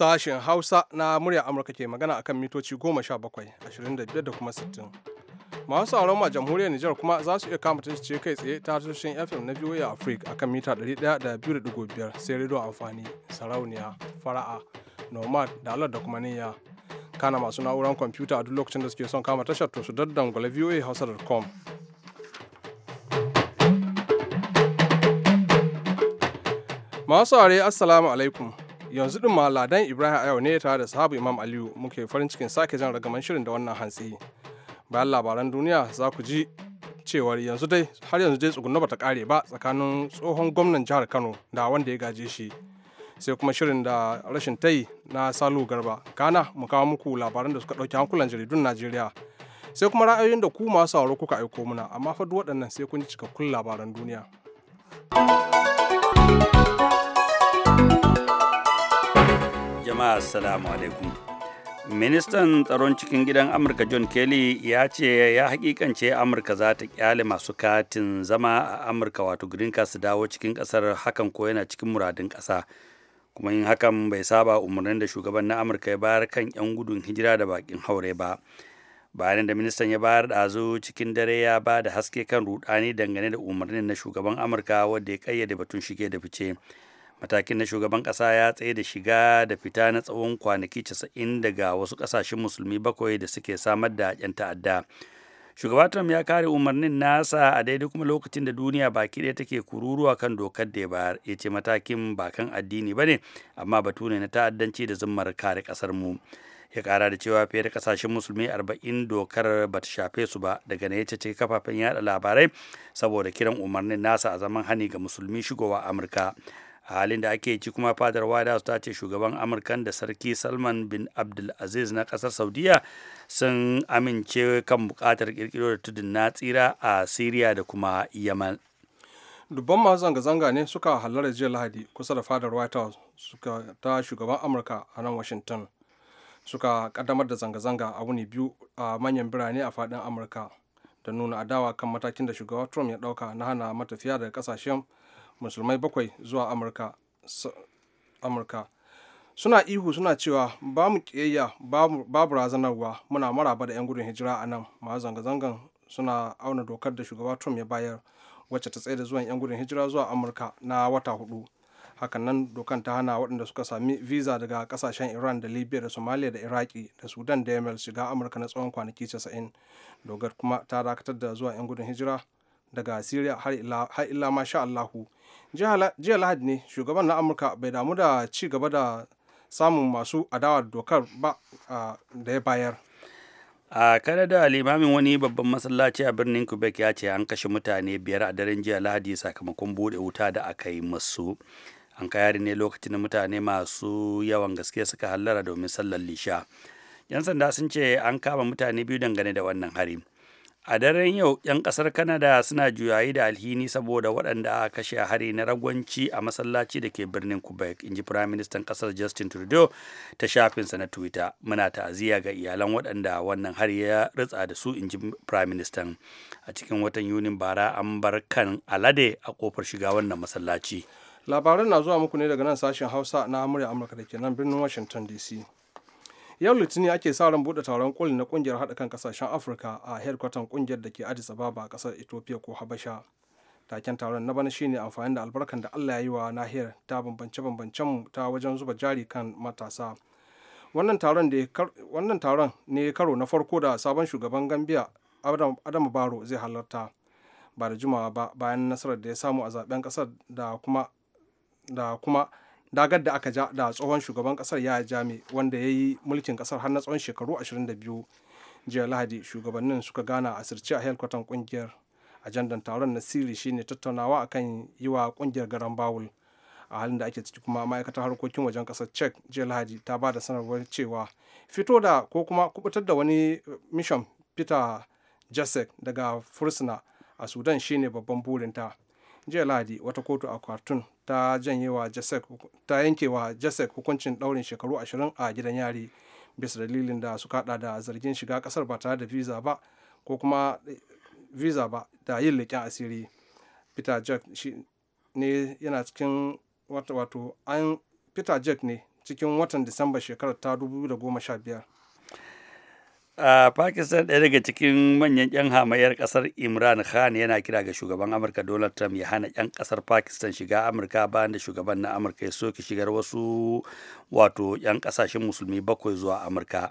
sashen hausa na murya amurka ke magana akan mitoci 17 da kuma 60 masu sauran ma jamhuriyar Nijar kuma za su iya kama ce kai tsaye ta tashoshin FM na VOA Africa akan mita biyar, sai rido amfani sarauniya fara'a nomad da alar da kuma niyya kana masu na'urar kwamfuta a duk lokacin da suke son kama tashar to su daddangula voahausa.com masu saurare assalamu alaikum yanzu din ma ladan ibrahim ayo ne tare da sahabu imam aliyu muke farin cikin sake jan ragaman shirin da wannan hantsi bayan labaran duniya za ku ji cewar yanzu dai har yanzu dai tsugunna bata kare ba tsakanin tsohon gwamnan jihar kano da wanda ya gaje shi sai kuma shirin da rashin tai na salu garba kana mu kawo muku labaran da suka ɗauki hankulan jaridun najeriya sai kuma ra'ayoyin da ku masu sauraro kuka aiko muna amma fa duk waɗannan sai kun ji cikakkun labaran duniya. jama'a assalamu alaikum ministan tsaron cikin gidan amurka john kelly ya ce ya hakikance amurka za ta kyale masu katin zama a amurka wato green card su dawo cikin kasar hakan ko yana cikin muradin kasa kuma yin hakan bai saba umarnin da shugaban na amurka ya bayar kan 'yan gudun hijira da bakin haure ba bayanin da ministan ya bayar ɗazu cikin dare ya ba da haske kan rudani dangane da umarnin na shugaban amurka wadda ya kayyade batun shige da fice matakin na shugaban ƙasa ya tsaye da shiga da fita na tsawon kwanaki 90 daga wasu kasashen musulmi bakwai da suke samar da 'yan ta'adda shugaba trump ya kare umarnin nasa a daidai kuma lokacin da duniya baki ɗaya take kururuwa kan dokar da ya ce matakin ba kan addini ba ne amma batu ne na ta'addanci da zummar kare kasar mu ya kara da cewa fiye da kasashen musulmi arba'in dokar ba ta shafe su ba daga na yace cikin kafafen yada labarai saboda kiran umarnin nasa a zaman hani ga musulmi shigowa amurka halin da ake ci kuma fadar white house ta ce shugaban amurkan da sarki salman bin abdul abdulaziz na kasar saudiya sun amince kan bukatar kirkiro da tudun na tsira a syria da kuma yaman dubban masu zanga-zanga ne suka hallara jiya lahadi kusa da fadar white house suka ta shugaban amurka a nan washington suka kaddamar da zanga-zanga a wuni biyu a manyan birane a fadin amurka da nuna adawa kan matakin da shugaban trump ya dauka na hana matafiya daga kasashen musulmai bakwai zuwa amurka suna ihu suna cewa ba mu kiyayya babu razanarwa muna maraba da 'yan gudun hijira a nan masu zanga-zangan suna auna dokar da shugaba trump ya bayar wacce ta tsaye da zuwan 'yan gudun hijira zuwa amurka na wata hudu hakan nan dokan ta hana waɗanda suka sami visa daga kasashen iran da libya da somalia da iraki da sudan da yamal shiga amurka na tsawon kwanaki 90 dogar kuma ta dakatar da zuwa 'yan gudun hijira daga syria har illa masha Allahu. Jiya Lahadi ne shugaban na Amurka bai damu da ci gaba da samun masu adawar dokar ba da ya bayar. a kanada limamin wani babban masallaci a birnin quebec ya ce an kashe mutane biyar a daren jiya lahadi sakamakon bude wuta da aka yi masu an kayari ne lokacin da mutane masu yawan gaske suka hallara domin sallar lisha yan sanda sun ce an kama mutane biyu dangane da wannan hari a daren yau 'yan kasar canada suna juyayi da alhini saboda waɗanda aka kashe a hari na ragwanci a masallaci da ke birnin quebec in ji firaministan kasar justin trudeau ta shafinsa na twitter muna ta'aziyya ga iyalan waɗanda wannan hari ya ritsa da su in ji firaministan a cikin watan yunin bara an bar kan alade a kofar shiga wannan masallaci labaran na zuwa muku ne daga nan sashen hausa na amurka da ke nan birnin washington dc yau litini ake sa ran bude taron koli na kungiyar haɗa kan kasashen afirka a headquarter kungiyar da ke addis ababa a ƙasar ethiopia ko habasha taken taron na bana shine amfani da albarkan da allah ya yi wa nahiyar ta bambance bambancen ta wajen zuba jari kan matasa wannan taron ne karo na farko da sabon shugaban gambia adamu baro zai halarta ba da jimawa ba bayan nasarar da ya samu a zaben kasar da kuma da kuma dagar da aka ja da tsohon shugaban kasar ya jami wanda ya yi mulkin kasar har na tsawon shekaru 22 jiya lahadi shugabannin suka gana a sirce a helkwatan kungiyar ajandan taron na sirri shine tattaunawa akan yi wa kungiyar garan bawul a halin da ake ciki kuma ma'aikatar harkokin wajen kasar cek jiya lahadi ta ba da sanarwar cewa fito da ko kuma kubutar da wani eh, mission peter jasek daga fursuna a sudan shine babban burinta jiya lahadi wata kotu a khartoum ta yanke wa jasek hukuncin daurin shekaru 20 a gidan yari bisa dalilin da suka hada da zargin shiga kasar ba tare da visa ba ko kuma eh, visa ba da yin leƙen asiri peter jack shi ne yana cikin wato an peter jack ne cikin watan disamba shekarar ta 2015 a pakistan ɗaya daga cikin manyan 'yan hamayyar ƙasar imran khan yana kira ga shugaban amurka donald trump ya hana 'yan ƙasar pakistan shiga amurka bayan da shugaban na amurka ya soke shigar wasu wato 'yan ƙasashen musulmi bakwai zuwa amurka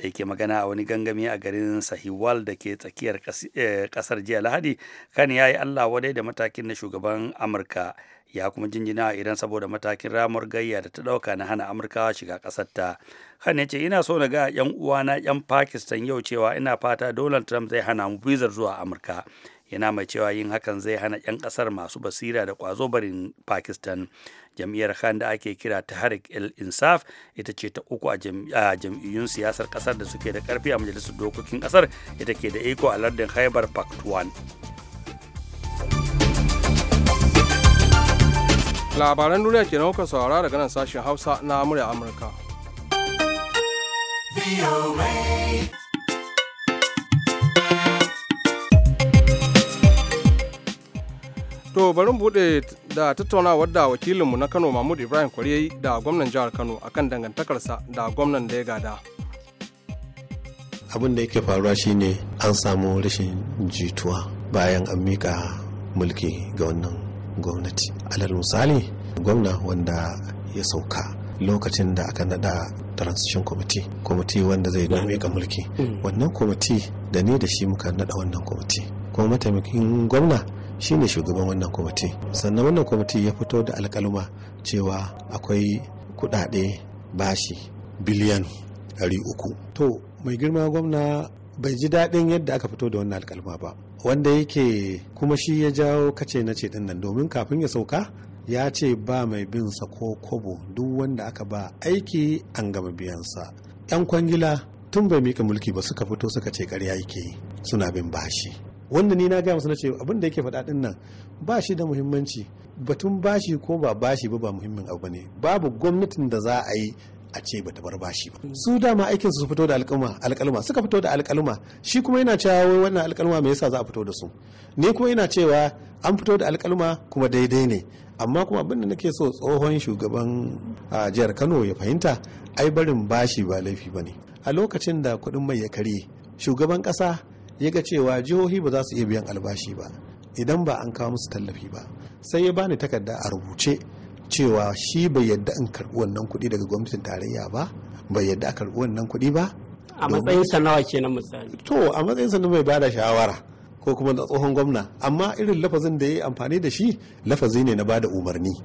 da yake magana a wani gangami a garin sahiwal da ke tsakiyar eh, kasar jiya lahadi kan ya yi allah wadai da matakin na shugaban amurka ya kuma jinjina a iran saboda matakin ramar gayya da ta dauka na hana amurka shiga kasar ta kan ya ce ina so na ga yan uwana yan pakistan yau cewa ina fata donald trump zai hana mu bizar zuwa amurka yana mai cewa yin hakan zai hana 'yan kasar masu basira da kwazo barin pakistan jam'iyyar khan da ake kira ta tahrik el insaf ita ce ta uku a jam'iyyun siyasar kasar da suke da karfi a majalisar dokokin kasar ita ke da iko a lardin haibar paktuan labaran duniya ke kuka saurara daga nan sashen hausa na murya amurka To bari buɗe da tattaunawar da wakilinmu na Kano Mahmud Ibrahim Kwari da gwamnan jihar Kano akan dangantakarsa da gwamnan da ya gada. Abin da yake faruwa shine an samu rashin jituwa bayan an mika mulki ga wannan gwamnati. Alal misali gwamna wanda ya sauka lokacin da aka nada transition committee kwamiti wanda zai dame mulki mm. wannan kwamiti da ni da shi muka nada wannan kwamiti kuma mataimakin gwamna Shi ne shugaban wannan kwamiti sannan wannan kwamiti ya fito da alkaluma cewa akwai kudade bashi biliyan 300 to mai girma gwamna bai ji daɗin yadda aka fito da wannan alkalma ba wanda yake kuma shi ya jawo kace na ce nan domin kafin ya sauka ya ce ba mai bin sa ko kobo duk wanda aka ba aiki an gama biyansa yan kwangila tun bai mika mulki ba suka fito suka ce karya yake suna bin bashi wanda ni na gaya masu na ce abin yake faɗa ɗin nan ba shi da muhimmanci batun bashi ko ba bashi ba ba muhimmin abu ne babu gwamnatin da za a yi a ce ba ta bar bashi ba su dama aikin su fito da alƙalma alƙalma suka fito da alƙalma shi kuma yana cewa wai wannan alƙalma me yasa za a fito da su ne kuma yana cewa an fito da alƙalma kuma daidai ne amma kuma abin da nake so tsohon shugaban jihar Kano ya fahimta ai barin bashi ba laifi ba ne a lokacin da kuɗin mai ya karye shugaban ƙasa ya ga cewa jihohi ba za su iya biyan albashi ba idan ba an kawo musu tallafi ba sai ya bani takarda a rubuce cewa shi bai yadda an karɓi wannan kuɗi daga gwamnatin tarayya ba bai yadda a karɓi wannan kuɗi ba a matsayin sanawa kenan misali to a matsayin sanawa mai bada shawara ko kuma da tsohon gwamna amma irin lafazin da ya yi amfani da shi lafazi ne na bada umarni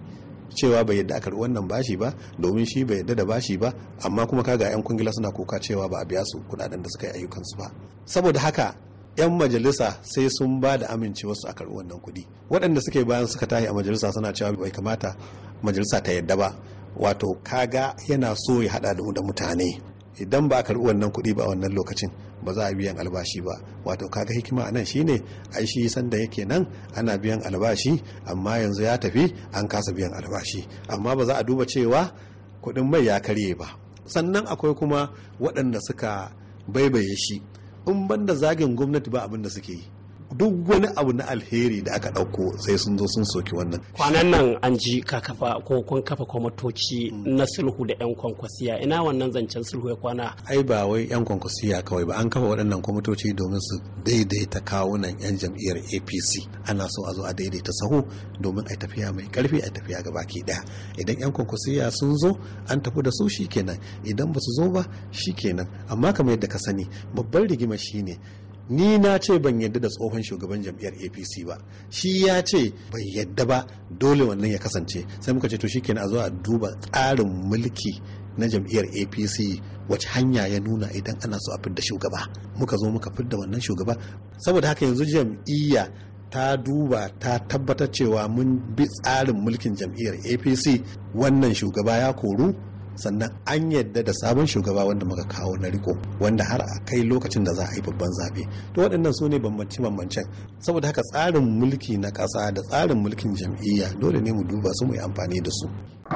cewa bai yadda aka wannan bashi ba domin shi bai yadda da bashi ba amma kuma kaga yan kungila suna kuka cewa ba a biya su kudaden da suka yi ayyukan su ba saboda haka yan majalisa sai sun ba da amincewa su a wannan kuɗi waɗanda suke bayan suka tahi a majalisa suna cewa bai kamata majalisa ta yadda ba wato kaga yana so ya hada da mutane idan ba a karɓi wannan kuɗi ba a wannan lokacin ba za a biyan albashi ba wato kaga hikima a nan shine ai shi sanda yake nan ana biyan albashi amma yanzu ya tafi an kasa biyan albashi amma ba za a duba cewa kuɗin mai ya karye ba sannan akwai kuma waɗanda suka baibaye shi in banda zagin gwamnati ba abin da suke yi duk wani abu na alheri da aka ɗauko sai sun zo sun soki wannan kwanan nan an ji ka kafa ko kun kafa kwamatoci na sulhu da yan kwankwasiya ina wannan zancen sulhu ya kwana ai ba wai yan kwankwasiya kawai ba an kafa waɗannan kwamatoci domin su daidaita kawunan yan jam'iyyar apc ana so a zo a daidaita sahu domin a tafiya mai karfi a tafiya ga baki daya idan yan kwankwasiya sun zo an tafi da su shikenan idan ba su zo ba shikenan amma kamar yadda ka sani babban rigima shine ni na ce ban yadda da tsohon shugaban jam'iyyar apc ba shi ya ce bai yadda ba dole wannan ya kasance sai muka ce to shi a zo a duba tsarin mulki na jam'iyyar apc wacce hanya ya nuna idan ana so a fidda shugaba muka zo muka fidda wannan shugaba saboda haka yanzu jam'iyya ta duba ta tabbatar cewa mun bi tsarin mulkin jam'iyyar apc wannan shugaba ya koru sannan an yadda da sabon shugaba wanda muka kawo na riko wanda har a kai lokacin da za a yi babban zaɓe to waɗannan su ne bambance bambancen saboda haka tsarin mulki na ƙasa da tsarin mulkin jam'iyya dole ne mu duba su mu yi amfani da su eh,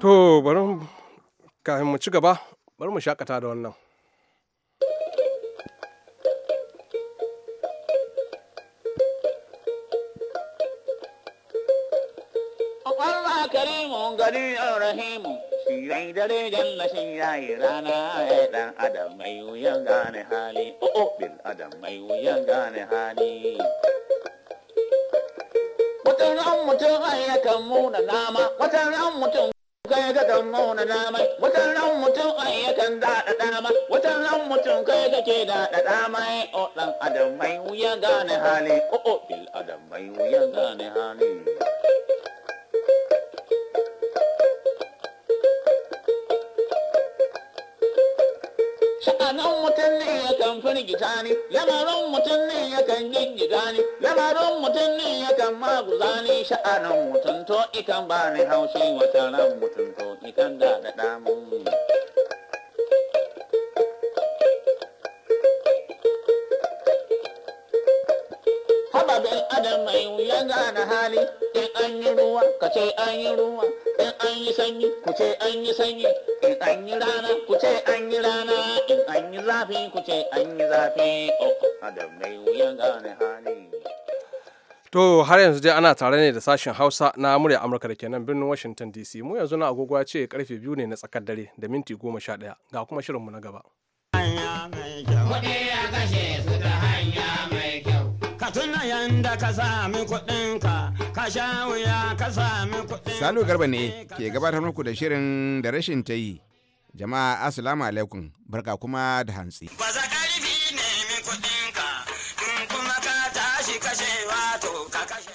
To bari mu ci gaba bari mu shakata da wannan. karimu gari rahimu shi rai dare janna shi yayi rana ya oh, oh, oh, dan adam mai wuya gane hali o'o bil adam mai wuya gane hali watan ran mutum ai kan muna nama watan ran mutum kai ga kan muna nama watan ran mutum ai kan daɗa dama watan ran mutum kai ga ke daɗa dama o dan adam mai wuya gane hali o'o bil adam mai wuya gane hali firgita ni lamarin mutum ne yakan gingida ni lamarin mutum ne yakan maguza ni sha'anin mutum to ikan ba ni haushi wata ran mutum to ikan da da damun Haba bin adam mai wuya gane hali in an yi ruwa kace an yi ruwa in an yi sanyi ku ce an yi sanyi in an yi rana ku ce an yi rana in an yi zafi ku ce an yi zafi oh adam mai wuyan gane hali To har yanzu dai ana tare ne da sashen Hausa na murya Amurka da kenan birnin Washington DC. Mu yanzu na agogo ya ce karfe biyu ne na tsakar dare da minti goma sha ɗaya ga kuma shirinmu na gaba. kashe su hanya mai kyau. Ka tuna yanda ka sami kuɗinka ka wuya ka sami salo Garba ne ke gabatar muku da shirin da rashin ta yi. Jama'a Assalamu alaikum barka kuma da hantsi. ƙarfi nemi kuɗinka in kuma ka tashi kashe wato ka kashe.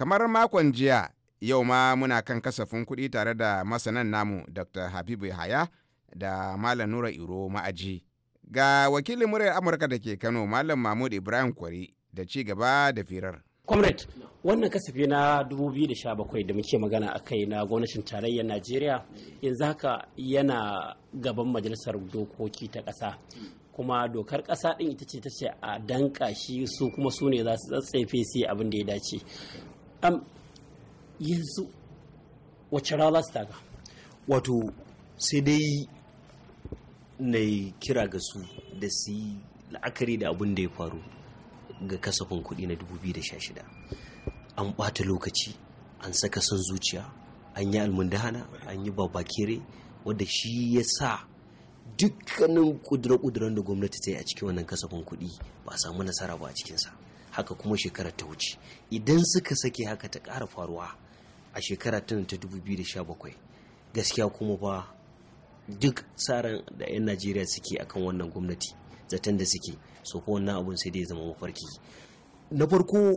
Kamar makon jiya yau ma muna kan kasafin kuɗi tare da masanan namu Dr. Habibu Yahaya da Malam Nura Iro Ma'aji. Ga wakilin muryar Amurka da ke Kano Malam Mahmud Ibrahim Kwari da ci gaba da firar. comrade wannan kasafi na 2017 da muke magana a kai na gwamnatin tarayyar najeriya yanzu haka yana gaban majalisar dokoki ta ƙasa kuma dokar ƙasa ɗin ita ce ta ce a danka shi su kuma su ne za su tsatsefe su abin da ya dace yanzu wacce rawa su taka wato sai dai na kira ga su da su yi la'akari da abin da ya faru ga kasafin kuɗi na 2016 an ɓata lokaci an saka son zuciya an yi almundahana an yi babakire wadda shi ya sa dukkanin kudura-kuduran da gwamnati ta yi a cikin wannan kasafin kuɗi ba a samu nasara ba a cikinsa haka kuma shekarar ta wuce idan suka sake haka ta ƙara faruwa a shekara tana ta 2017 gaskiya kuma ba duk tsarin da 'yan najeriya suke akan wannan gwamnati zaton da suke so ko wannan abun sai dai zama mafarki na farko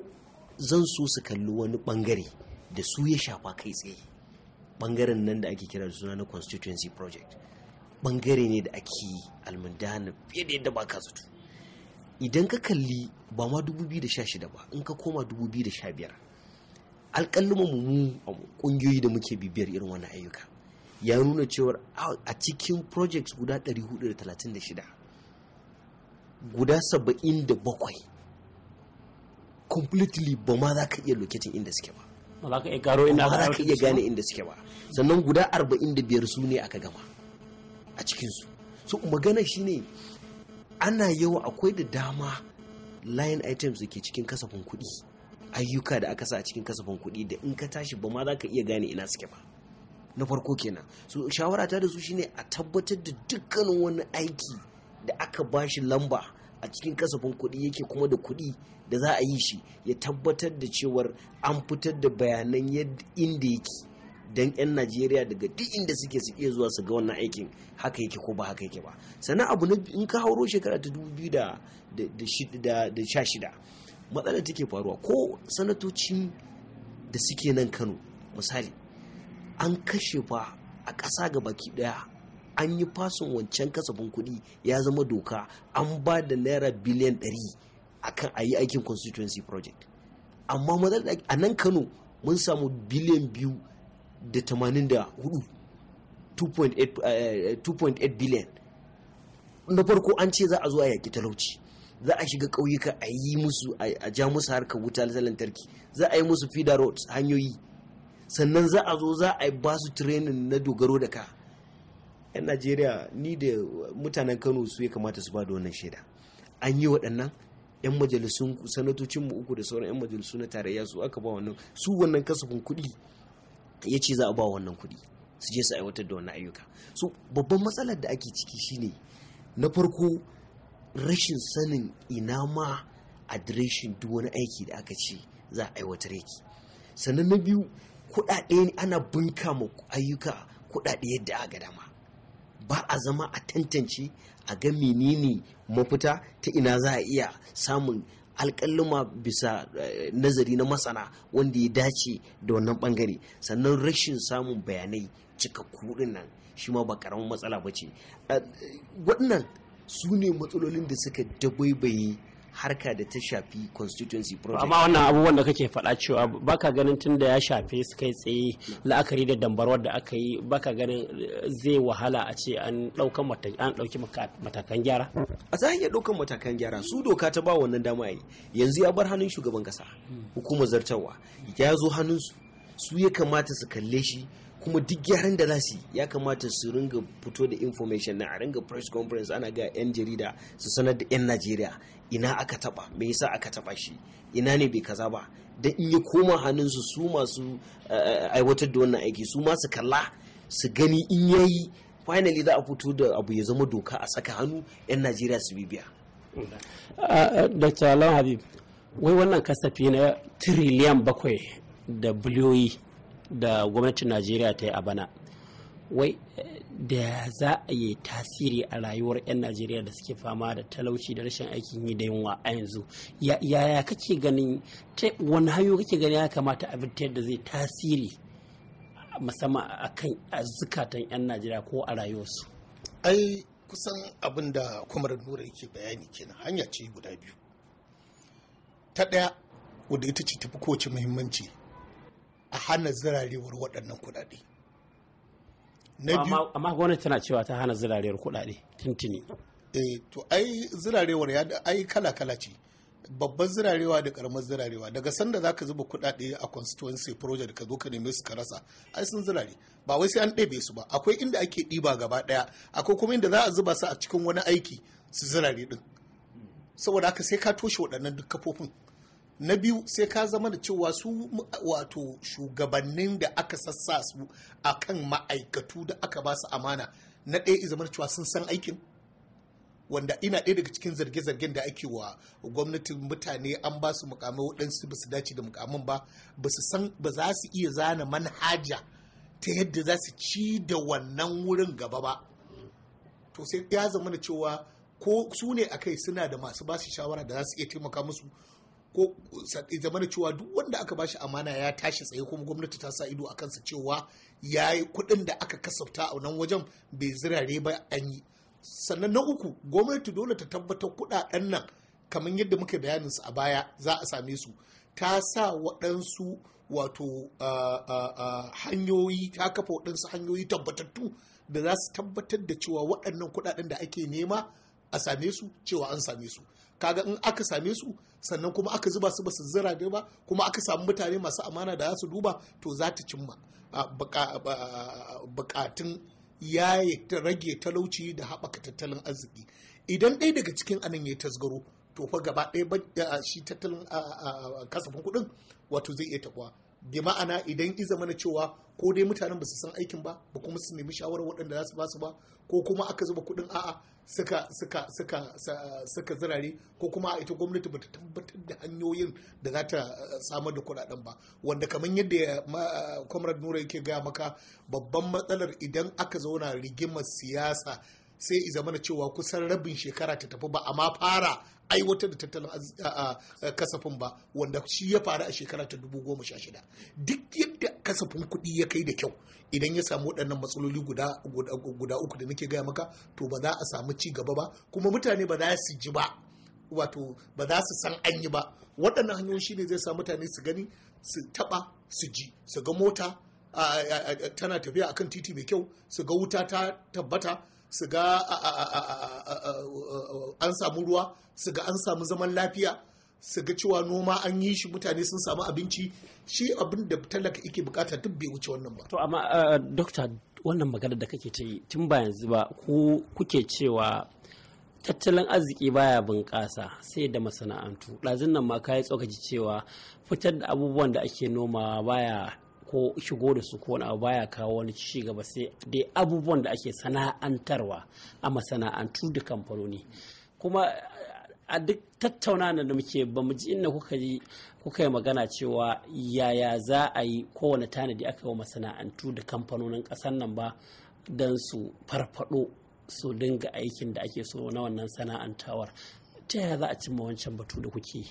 zan so su kalli wani bangare da su ya shafa kai tsaye bangaren nan da ake kira da suna na constituency project bangare ne da ake almundana fiye da yadda ba ka zato idan ka kalli ba ma 2016 ba in ka koma 2015 alƙalluma mu a ƙungiyoyi da muke bibiyar irin wani ayyuka ya nuna cewar a cikin projects guda 436 guda saba'in da bakwai completely ba ma za ka iya locating inda suke ba ba za ka iya gane inda suke ba sannan guda arba'in da biyar su ne aka gama a cikinsu so magana shi ne ana yawa akwai da dama line items da ke cikin kasafin kuɗi ayyuka da aka sa a cikin kasafin kuɗi da in ka tashi ba ma za ka iya gane ina suke ba na farko kenan so shawara ta da su shine a tabbatar da dukkanin wani aiki da aka ba shi lamba a cikin kasafin kuɗi yake kuma da kuɗi da za a yi shi ya tabbatar da cewar an fitar da bayanan yadda inda yake don 'yan najeriya daga duk inda suke su zuwa su ga wannan aikin haka yake ko ba haka yake ba sannan abu na in ka hauro shekara ta shida, matsalar take faruwa ko sanatoci da suke nan kano misali an kashe fa a ƙasa ga baki ɗaya an yi fasin wancan kasafin kuɗi ya zama doka an ba da naira biliyan 100 akan a yi aikin constituency project amma a nan kano mun samu biliyan biyu da tamanin 2.8 eh, biliyan na farko an ce za a zo a yaƙi talauci za a shiga ƙauyuka a yi musu a ja musu harkar wuta lantarki za a yi musu feeder roads hanyoyi sannan za a zo za a ba su training na dogaro da ka 'yan najeriya ni da mutanen kano su ya kamata su ba da wannan shaida an yi waɗannan 'yan majalisun sanatocin mu uku da sauran 'yan majalisu na tarayya su aka ba wannan su wannan kasafin kuɗi ya ce za a ba wannan kuɗi su je su aiwatar da wannan ayyuka so babban matsalar da ake ciki shine na farko rashin sanin ina ma adireshin duk wani aiki da aka ce za a aiwatar yake sannan na biyu kuɗaɗe ana bunka ma ayyuka kuɗaɗe yadda aka dama ba a zama a tantance a ga menene mafita ta ina za a iya samun alƙalluma bisa eh, nazari na masana wanda ya dace da wannan bangare sannan rashin samun bayanai cika din nan shi ma ba karamin matsala ba ce eh, eh, waɗannan su ne matsalolin da suka dabaibaye harka da ta shafi constituency project amma wannan abubuwan da kake faɗa cewa baka ganin tun da ya shafe su kai tsaye la'akari da dambarwar da aka yi baka ganin eh, zai wahala a ce an ɗauki matakan gyara a za iya ɗaukan matakan gyara su doka ta ba wannan dama yi yanzu ya bar hannun shugaban kasa hmm. hukumar zartarwa ya zo hannunsu su ya kamata su kalle shi kuma duk gyaran da za su ya kamata su ringa fito da information na a ringa press conference ana ga 'yan jarida su sanar da 'yan najeriya ina aka taba me yasa aka taba shi ina ne bai kaza ba don in ya koma hannunsu su masu eh, eh, aiwatar da wannan aiki su masu kalla su gani in yayi finally za a fito da abu ya zama doka a saka hannu 'yan najeriya su bibiya ah, ah, dr habib wai wannan kasafi na tiriliyan bakwai da biliyoyi da gwamnatin najeriya ta yi a bana wai da za a yi tasiri a rayuwar 'yan najeriya da suke fama da talauci da rashin aikin yi da yunwa a yanzu yaya kake ganin wani hanyo kake ganin ya kamata a da zai tasiri musamman a kan zukatan 'yan najeriya ko a rayuwarsu ai kusan abin da kumar nura yake bayani kenan hanya ce guda biyu ta ɗaya wadda ita ce tafi kowace muhimmanci a hana zirarewar waɗannan kuɗaɗe. amma gwamnati tana cewa ta hana zirarewar kuɗaɗe tuntuni eh to ai zirarewar ya ai kala kala ce babban zirarewa da karamar zirarewa daga sanda za ka zuba kuɗaɗe a constituency project ka zo ka neme su ka rasa ai sun zirare ba wai sai an ɗebe su ba akwai inda ake ɗiba gaba ɗaya akwai kuma inda za a zuba su a cikin wani aiki su zirare ɗin, saboda haka sai ka toshe waɗannan duk kafofin na biyu sai ka zama da cewa su wato shugabannin da aka sassa su a kan ma'aikatu da aka ba su amana na ɗaya zama da cewa sun san aikin wanda ina ɗaya daga cikin zarge-zargen da ake wa gwamnatin mutane an ba su mukamai waɗansu ba su dace da mukamin ba ba su san ba za su iya zana manhaja ta yadda za su ci da wannan wurin gaba ba to sai ya zama da cewa ko su ne a kai suna da masu ba su shawara da za su iya taimaka musu ko da cewa duk wanda aka bashi amana ya tashi tsaye kuma gwamnati ta sa ido a kansa cewa ya yi kuɗin da aka kasafta a nan wajen bai zirare ba an yi sannan na uku gwamnati dole ta tabbatar kuɗaɗen nan kamar yadda muka bayanin su a baya za a same su ta sa waɗansu wato hanyoyi ta kafa waɗansu hanyoyi tabbatattu da za su tabbatar da cewa waɗannan kuɗaɗen da ake nema a same su cewa an same su kaga in aka same su sannan kuma aka zuba su ba su zira dai ba kuma aka samu mutane masu amana da za su duba to za ta cimma bukatun ya rage talauci da haɓaka tattalin arziki idan ɗaya daga cikin anan ya tasgaro to fa gaba ɗaya shi tattalin kasafin kuɗin wato zai iya taɓuwa bi ma'ana idan iza mana cewa ko dai mutanen ba su san aikin ba ba kuma su nemi shawarar waɗanda za su ba su ba ko kuma aka zuba kuɗin a'a suka suka zirare ko kuma a ita gwamnati ba ta tabbatar da hanyoyin da za ta eh, samar da kuɗaɗen ba wanda kamar yadda eh, comrade nura yake gaya maka babban matsalar idan aka zauna rigimar siyasa sai i zamana cewa kusan rabin shekara ta tafi ba amma fara aiwatar da tattalin kasafin ba wanda shi ya faru a shekara ta dubu goma sha shida duk yadda kasafin kuɗi ya kai da kyau idan ya samu waɗannan matsaloli guda uku da nake gaya maka to ba za a samu ci gaba ba kuma mutane ba za su ji ba wato ba za su san an yi ba waɗannan hanyoyi shine zai sa mutane su gani su taɓa su ji su ga mota tana tafiya akan titi mai kyau su ga wuta ta tabbata su ga an samu ruwa su ga an samu zaman lafiya su ga cewa noma an yi shi mutane sun samu abinci shi abin da talaka ike bukata duk bai wuce wannan ba to amma dokta wannan magana da kake ta yi tun ba yanzu ba ku kuke cewa tattalin arziki baya bunƙasa sai da masana'antu ɗazin nan ma ka yi tsokaci cewa fitar da abubuwan da ake nomawa baya ko shigo da su ko wani abu baya kawo wani ci gaba sai dai abubuwan da ake sana'antarwa a masana'antu da kamfanoni kuma a duk tattauna da muke ba mu ji inda kuka yi kuka yi magana cewa yaya za a yi kowane tanadi aka yi masana'antu da kamfanonin ƙasar nan ba don su farfado su dinga aikin da ake so na wannan sana'antawar ta yaya za a cimma wancan batu da kuke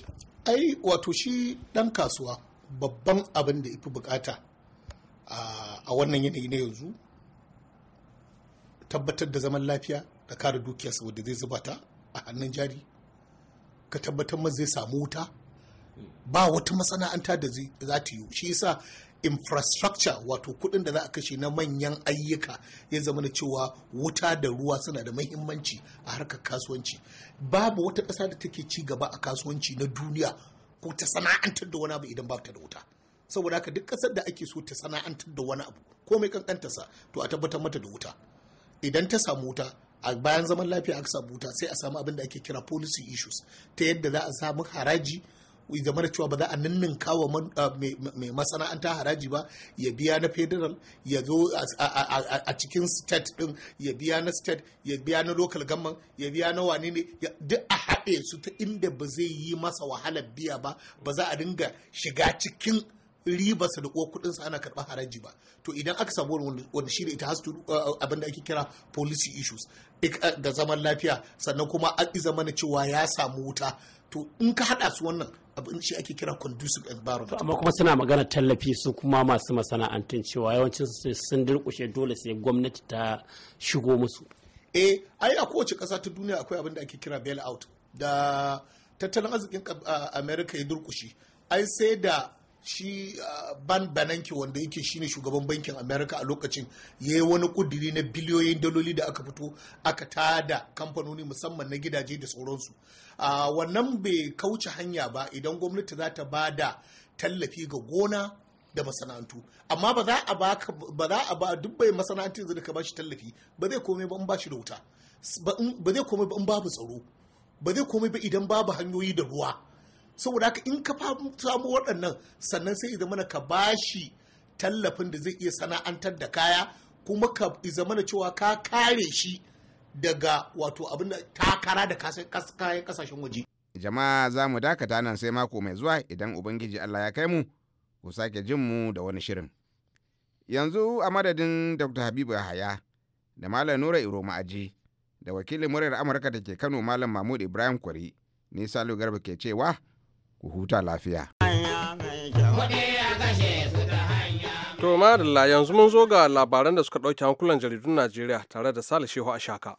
ai wato shi ɗan kasuwa babban abin da ifi bukata a wannan yanayi na yanzu tabbatar da zaman lafiya da kare dukiya saboda zai zubata a hannun jari ka tabbatar ma zai samu wuta ba wata masana'anta da za ta yi shi yasa infrastructure wato kudin da za a kashe na manyan ayyuka ya zama na cewa wuta da ruwa suna da mahimmanci a harkar kasuwanci babu wata ƙasa da take ci gaba a kasuwanci na duniya ko ta sana'antar da wani abu idan ba ta da wuta saboda haka duk kasar da ake so ta sana'antar da wani abu ko mai komai sa to a tabbatar mata da wuta idan ta samu wuta a bayan zaman lafiya aka samu wuta sai a samu abin da ake kira policy issues ta yadda za a samu haraji zama da cewa ba za a nannin kawo mai ah, masana'anta haraji ba ya biya na federal ya zo a cikin state din ya biya na state ya biya na local gamman ya biya na wane ne duk a haɗe su ta inda ba zai yi masa wahalar biya ba ba za a dinga shiga cikin riba da kuɗin sa ana karɓar haraji ba to idan aka samu wani shi ne ita has uh, abinda ake kira policy issues uh, da zaman lafiya sannan kuma an zama na cewa ya samu wuta to in ka haɗa su wannan abin shi ake kira conducive environment amma kuma suna magana tallafi su kuma masu masana'antun cewa yawancin sun durƙushe dole sai gwamnati ta shigo musu eh ai a kowace ƙasa ta duniya akwai abin da ake kira bail out da tattalin arzikin uh, america ya durƙushe ai sai da shi ah, ban bananki wanda yake shine shugaban bankin america a lokacin ya yi wani kudiri na biliyoyin daloli da aka fito aka tada kamfanoni musamman na gidaje da sauransu ah, wannan bai kauce hanya ba idan gwamnati za ta ba da tallafi ga gona da masana'antu amma ba za a ba a duk bai masana'antun yanzu da ka bashi tallafi ba zai komai ba in ba shi da wuta ba zai komai ba in tsaro ba zai komai ba idan babu hanyoyi da ruwa saboda haka in ka samu waɗannan sannan sai idan mana ka ba shi tallafin da zai iya sana'antar da kaya kuma ka mana cewa ka kare shi daga wato abinda da takara da kayan kasashen waje jama'a za mu dakata nan sai mako mai zuwa idan ubangiji allah ya kai mu ku sake jin mu da wani shirin yanzu a madadin dr habibu yahaya da malam nura iro ma'aji da wakilin muryar amurka da ke kano malam mahmud ibrahim kwari ni salu garba ke cewa ku huta lafiya. To madalla yanzu mun zo ga labaran da suka ɗauki hankulan jaridun Najeriya tare da Sale Shehu shaka.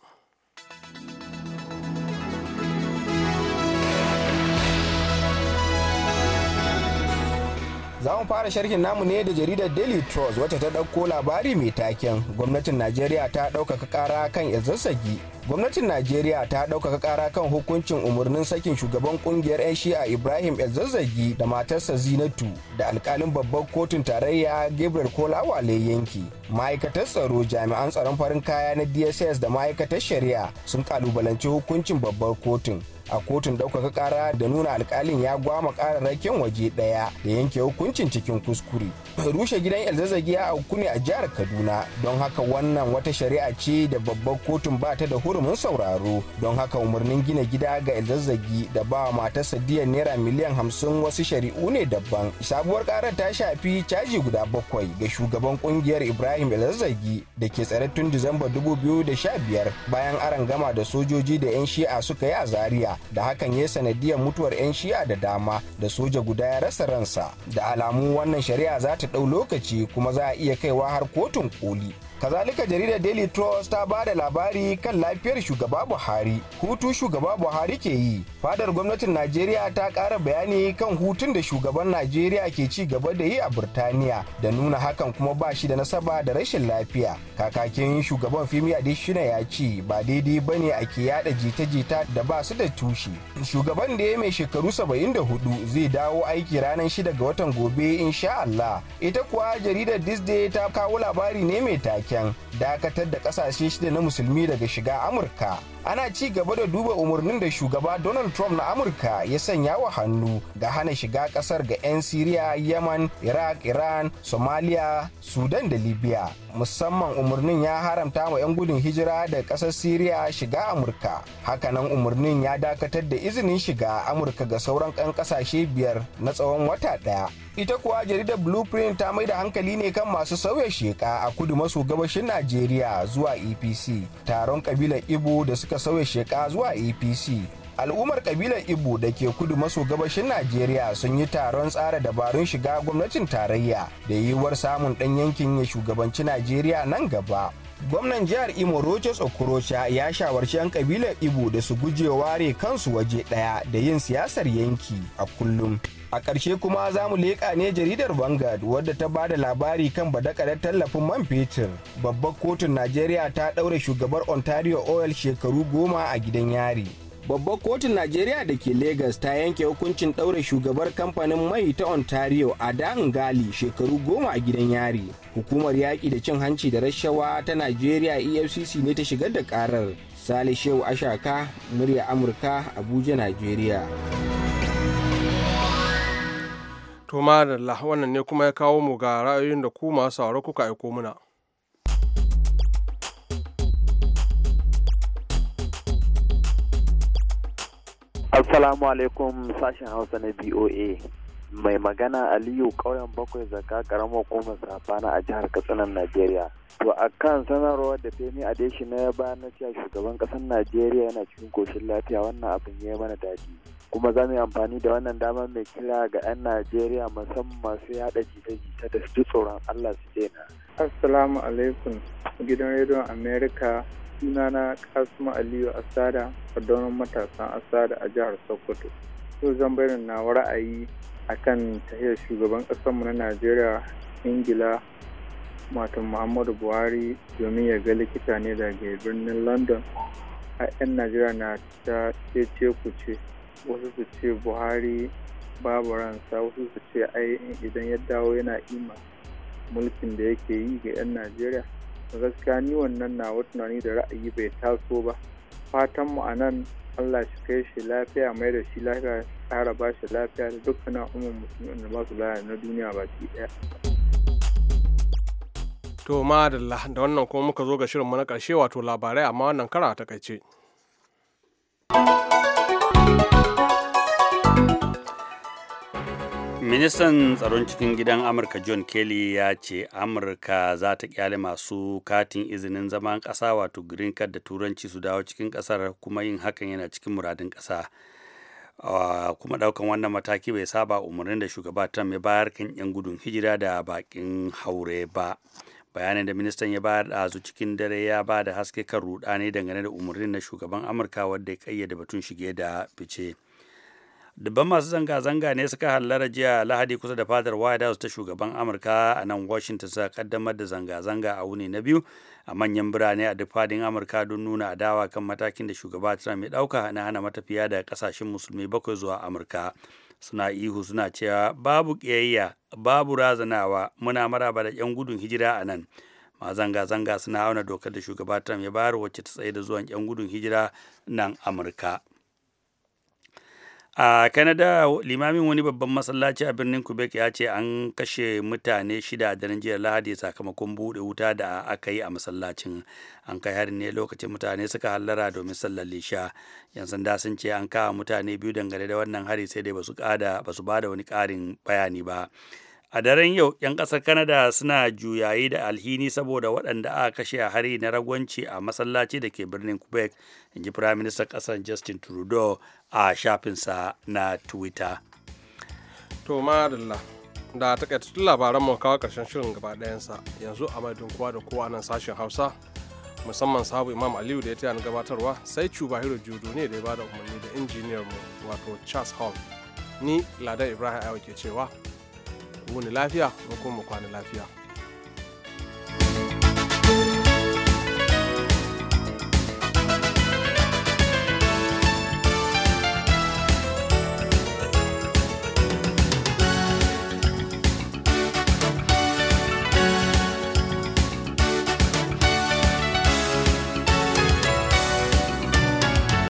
Za mu fara sharhin namu ne da jaridar Daily Trust wacce ta ɗauko labari mai taken gwamnatin Najeriya ta ɗaukaka ƙara kan Ezersagi. Gwamnatin Najeriya ta ɗaukaka ƙara kan hukuncin umarnin sakin shugaban ƙungiyar 'yan shi'a Ibrahim Ezersagi da matarsa Zinatu da alkalin babban kotun tarayya Gabriel Kolawa Kolawale yanki. Ma'aikatar tsaro jami'an tsaron farin kaya na DSS da ma'aikatar shari'a sun ƙalubalanci hukuncin babbar kotun. a kotun ɗaukaka ƙara da nuna alƙalin ya gwama rakin waje ɗaya da yanke hukuncin cikin kuskure. Rushe gidan Elzazzagi ya auku ne a jihar Kaduna don haka wannan wata shari'a ce da babbar kotun ba ta da hurumin sauraro don haka umarnin gina gida ga Elzazzagi da ba matarsa diyan naira miliyan hamsin wasu shari'u ne daban. Sabuwar karar ta shafi caji guda bakwai ga shugaban ƙungiyar Ibrahim Elzazzagi da ke tsare tun Disamba 2015 bayan aron gama da sojoji da 'yan shi'a suka yi a Zaria da hakan ya sanadiyar mutuwar 'yan shi'a da dama da soja guda ya rasa ransa da alamu wannan shari'a za ta ɗau lokaci kuma za a iya kaiwa har kotun koli kazalika jaridar daily trust ta ba da labari kan lafiyar shugaba buhari hutu shugaba buhari ke yi fadar gwamnatin najeriya ta kara bayani kan hutun da shugaban najeriya ke ci gaba da yi a burtaniya da nuna hakan kuma ba shi da nasaba da rashin lafiya kakakin shugaban fimi adishina ya ce ba daidai ba ne a ke yada jita-jita da ba su da tushe shugaban da ya mai shekaru saba'in da hudu zai dawo aiki ranar shida ga watan gobe insha Allah ita kuwa jaridar disney ta kawo labari ne mai take yankin dakatar da kasashe shida na musulmi daga shiga amurka ana ci gaba da duba umarnin da shugaba donald trump na amurka ya sanya wa hannu ga hana shiga kasar ga 'yan siriya yaman iraq iran somalia sudan da libya musamman umarnin ya haramta wa 'yan gudun hijira da kasar siriya shiga amurka hakanan umarnin ya dakatar da izinin shiga amurka ga sauran 'yan kasashe biyar na tsawon wata daya ita kuwa jaridar blueprint ta mai da hankali ne kan masu sauya sheka a kudu maso gabashin najeriya zuwa apc e taron kabilar ibo da suka sauya sheka zuwa apc e al'ummar kabilar ibo da ke kudu maso gabashin najeriya sun yi taron tsara dabarun shiga gwamnatin tarayya da yiwuwar samun ɗan yankin ya shugabanci najeriya nan gaba gwamnan jihar imo roches okorocha ya shawarci 'yan kabilar ibo da su guje ware kansu waje ɗaya da yin siyasar yanki a kullum a ƙarshe kuma za mu leƙa ne jaridar vanguard wadda ta ba da labari kan badakarar tallafin man fetur babbar kotun najeriya ta ɗaure shugabar ontario oil shekaru goma a gidan yari babbar kotun najeriya da ke lagos ta yanke hukuncin ɗaure shugabar kamfanin mai ta ontario a gali shekaru goma a gidan yari hukumar yaƙi da cin hanci da rashawa ta najeriya efcc ne ta shigar da karar sale shehu ashaka murya amurka abuja najeriya to da wannan ne kuma ya kawo mu ga ra'ayoyin da ku masu kuka aiko muna Assalamu alaikum sashen Hausa na BOA. Mai magana Aliyu ƙauyen bakwai zaka karamar kuma safana a jihar Katsinan Najeriya. To a kan sanarwar da Femi Adeshi na ya bayar na cewa shugaban ƙasar Najeriya yana cikin koshin lafiya wannan abin ya mana daɗi. Kuma za mu yi amfani da wannan damar mai kira ga 'yan Najeriya musamman masu yaɗa jita-jita da su tsoron Allah su daina. Assalamu alaikum gidan rediyon Amerika sunana kasuma aliyu asada fadaunan matasan asada a jihar sokoto so zan bayyana nawa ra'ayi akan tahiyar shugaban ƙasarmu na najeriya ingila matan muhammadu buhari domin ya ga likita ne daga birnin london a 'yan najeriya na ta ce ku ce wasu su ce buhari babu ransa wasu su ce ai idan ya dawo yana ima mulkin da yake yi ga 'yan najeriya gaskiya ni wannan na tunani da ra'ayi bai taso ba fatan mu a allah shi kai shi lafiya mai da shi lafiya tsara ba shi lafiya da dukkanin umar musulmi da ba su lafiya na duniya ba baki daya to ma da wannan kuma muka zo ga shirinmu na karshe wato labarai amma wannan kara a takaice. ministan tsaron cikin gidan amurka john kelly ya ce amurka za ta kyale masu katin izinin zaman kasa wato green card da turanci su dawo cikin kasar kuma yin hakan yana cikin muradin kasa kuma daukan wannan mataki bai saba umarnin da shugaba Trump ya bayar kan 'yan gudun hijira da bakin haure ba. Bayanin da ministan ya bayar a cikin dare ya ba da haske kan rudani dangane da umarnin na shugaban Amurka wadda ya kayyade batun shige da fice. dubban masu zanga-zanga ne suka hallara jiya lahadi kusa da fadar white house ta shugaban amurka a nan washington suka kaddamar da zanga-zanga a wuni na biyu a manyan birane a duk fadin amurka don nuna adawa kan matakin da shugaba trump ya dauka na hana matafiya da kasashen musulmi bakwai zuwa amurka suna ihu suna cewa babu ƙiyayya babu razanawa muna maraba da 'yan gudun hijira a nan ma zanga-zanga suna auna dokar da shugaba trump ya bayar wacce ta tsaye da zuwan 'yan gudun hijira nan amurka a kanada limamin wani babban masallaci a birnin quebec ya ce an kashe mutane shida a daren jiya lahadi sakamakon buɗe wuta da aka yi a masallacin an kai harin ne lokacin mutane suka hallara domin sallar lisha yan sanda sun ce an kawo mutane biyu dangane da wannan hari sai dai ba su bada wani ƙarin bayani ba a daren yau 'yan ƙasar canada suna juyayi da alhini saboda waɗanda aka kashe a hari na ragwanci a masallaci da ke birnin quebec in ji firaministan ƙasar justin trudeau a shafinsa na twitter to madalla da takaitattun labaran mu kawo ƙarshen shirin gaba ɗayansa yanzu a madadin kowa da kowa nan sashen hausa musamman sabu imam aliyu da ya taya gabatarwa sai hiro judo ne da ya ba da umarni da injiniyar mu wato charles hall ni ladan ibrahim ayo ke cewa ni lafiya mu kuma mu kwana lafiya